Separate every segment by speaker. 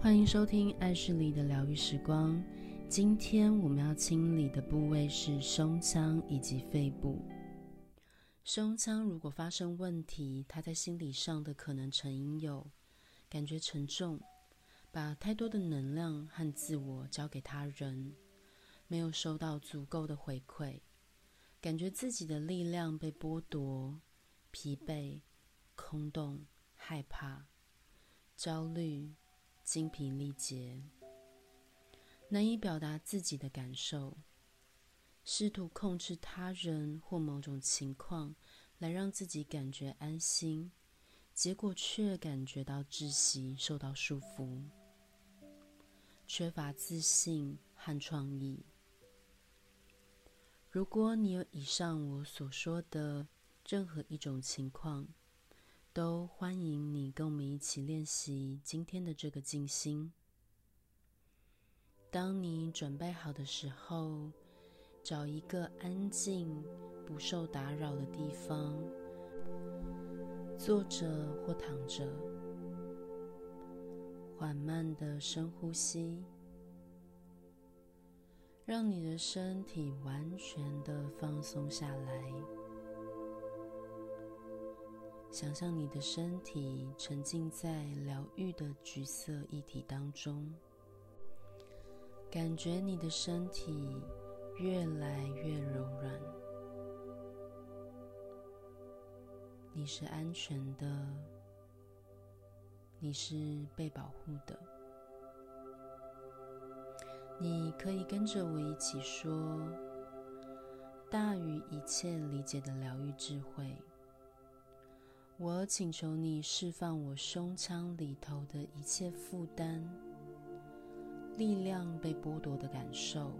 Speaker 1: 歡迎收聽《愛旭黎的療癒時光》。今天我們要清理的部位是胸腔以及肺部。胸腔如果發生問題，它在心理上的可能成因有：感覺沉重，把太多的能量和自我交給他人，沒有收到足夠的回饋，感覺自己的力量被剝奪，疲憊、空洞、害怕、焦慮。精疲力竭，難以表達自己的感受，試圖控制他人或某種情況來讓自己感覺安心，結果卻感覺到窒息、受到束縛，缺乏自信和創意。如果你有以上我所說的任何一種情況，都歡迎你跟我們一起練習今天的這個靜心。當你準備好的時候，找一個安靜、不受打擾的地方，坐着或躺着，緩慢的深呼吸，讓你的身體完全的放鬆下來。想象你的身體沉浸在療癒的橘色液體當中，感覺你的身體越來越柔軟。你是安全的，你是被保護的。你可以跟着我一起說：“大於一切理解的療癒智慧。”我請求你釋放我胸腔裡頭的一切負擔，力量被剝奪的感受，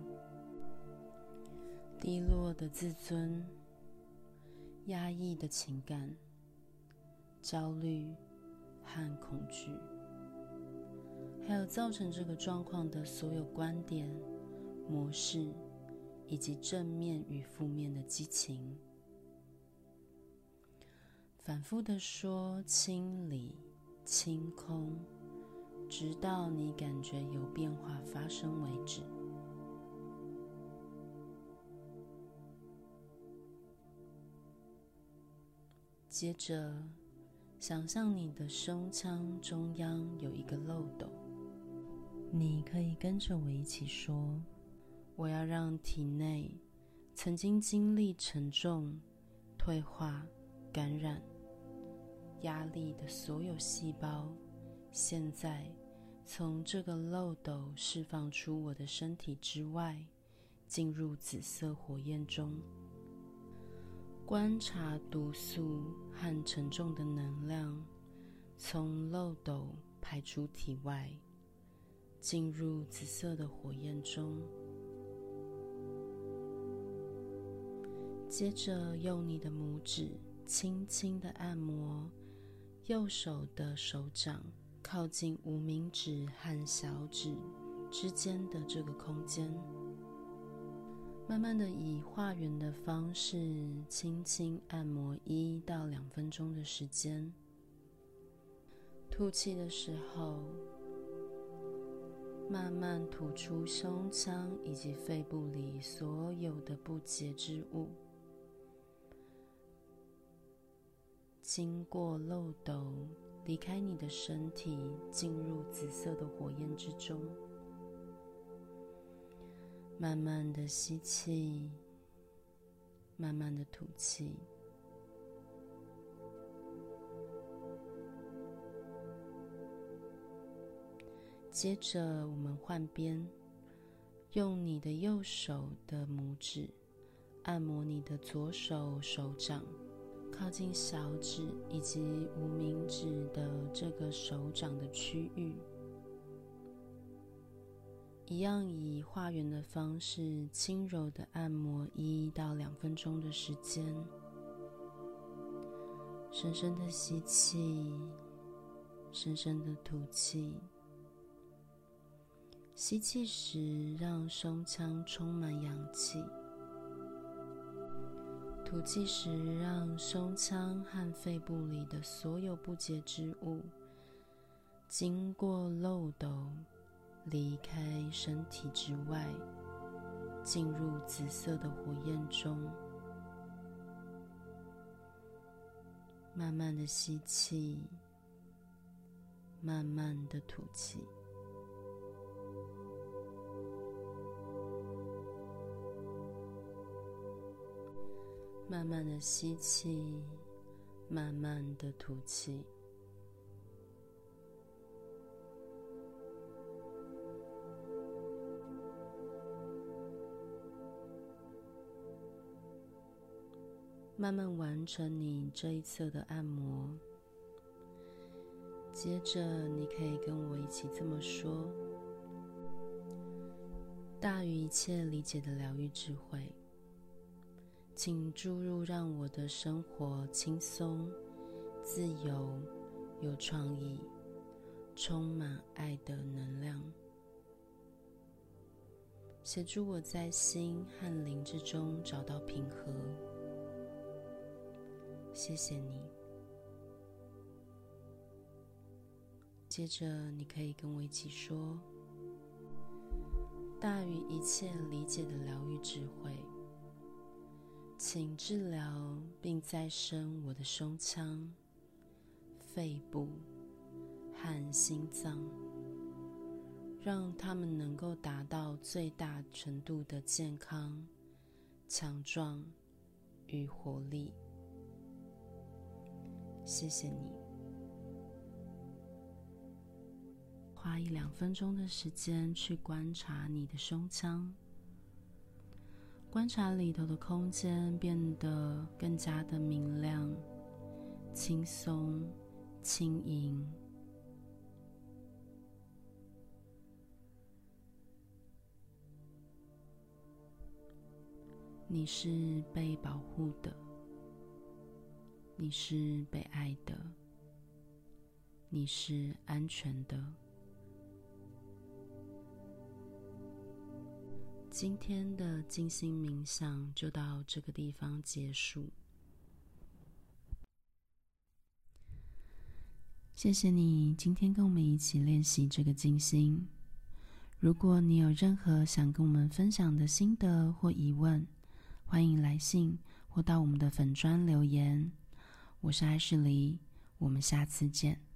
Speaker 1: 低落的自尊，壓抑的情感，焦慮和恐懼，還有造成這個狀況的所有觀點、模式，以及正面與負面的激情。反復的說“清理、清空”，直到你感覺有變化發生為止。接着，想象你的胸腔中央有一個漏斗，你可以跟着我一起說：“我要讓體內曾經經歷沉重、退化、感染。”壓力的所有細胞，現在從這個漏斗釋放出我的身體之外，進入紫色火焰中。觀察毒素和沉重的能量，從漏斗排出體外，進入紫色的火焰中。接着用你的拇指輕輕的按摩，右手的手掌靠近無名指和小指之間的這個空間，慢慢的以畫圓的方式輕輕按摩一到兩分鐘的時間。吐氣的時候，慢慢吐出胸腔以及肺部裡所有的不潔之物。經過漏斗，離開你的身體，進入紫色的火焰之中。慢慢的吸氣，慢慢的吐氣。接着，我們換邊，用你的右手的拇指按摩你的左手手掌。靠近小指以及無名指的這個手掌的區域，一樣以畫圓的方式輕柔的按摩一到兩分鐘的時間。深深的吸氣，深深的吐氣。吸氣時，讓胸腔充滿氧氣。吐氣時，讓胸腔和肺部裡的所有不潔之物，經過漏斗離開身體之外，進入紫色的火焰中。慢慢的吸氣，慢慢的吐氣。慢慢的吸氣，慢慢的吐氣，慢慢完成你這一側的按摩。接着，你可以跟我一起這麼說：“大於一切理解的療癒智慧。”請注入讓我的生活輕鬆、自由、有創意、充滿愛的能量，協助我在心和靈之中找到平和。謝謝你。接着，你可以跟我一起說：“大於一切理解的療癒智慧。”請治療並再生我的胸腔、肺部和心臟，讓它們能夠達到最大程度的健康、強壯與活力。謝謝你。花一兩分鐘的時間去觀察你的胸腔。觀察裡頭的空間變得更加的明亮、輕鬆、輕盈。你是被保護的，你是被愛的，你是安全的。今天的靜心冥想就到這個地方結束。謝謝你今天跟我們一起練習這個靜心。如果你有任何想跟我們分享的心得或疑問，歡迎來信或到我們的粉專留言。我是愛旭黎，我們下次見。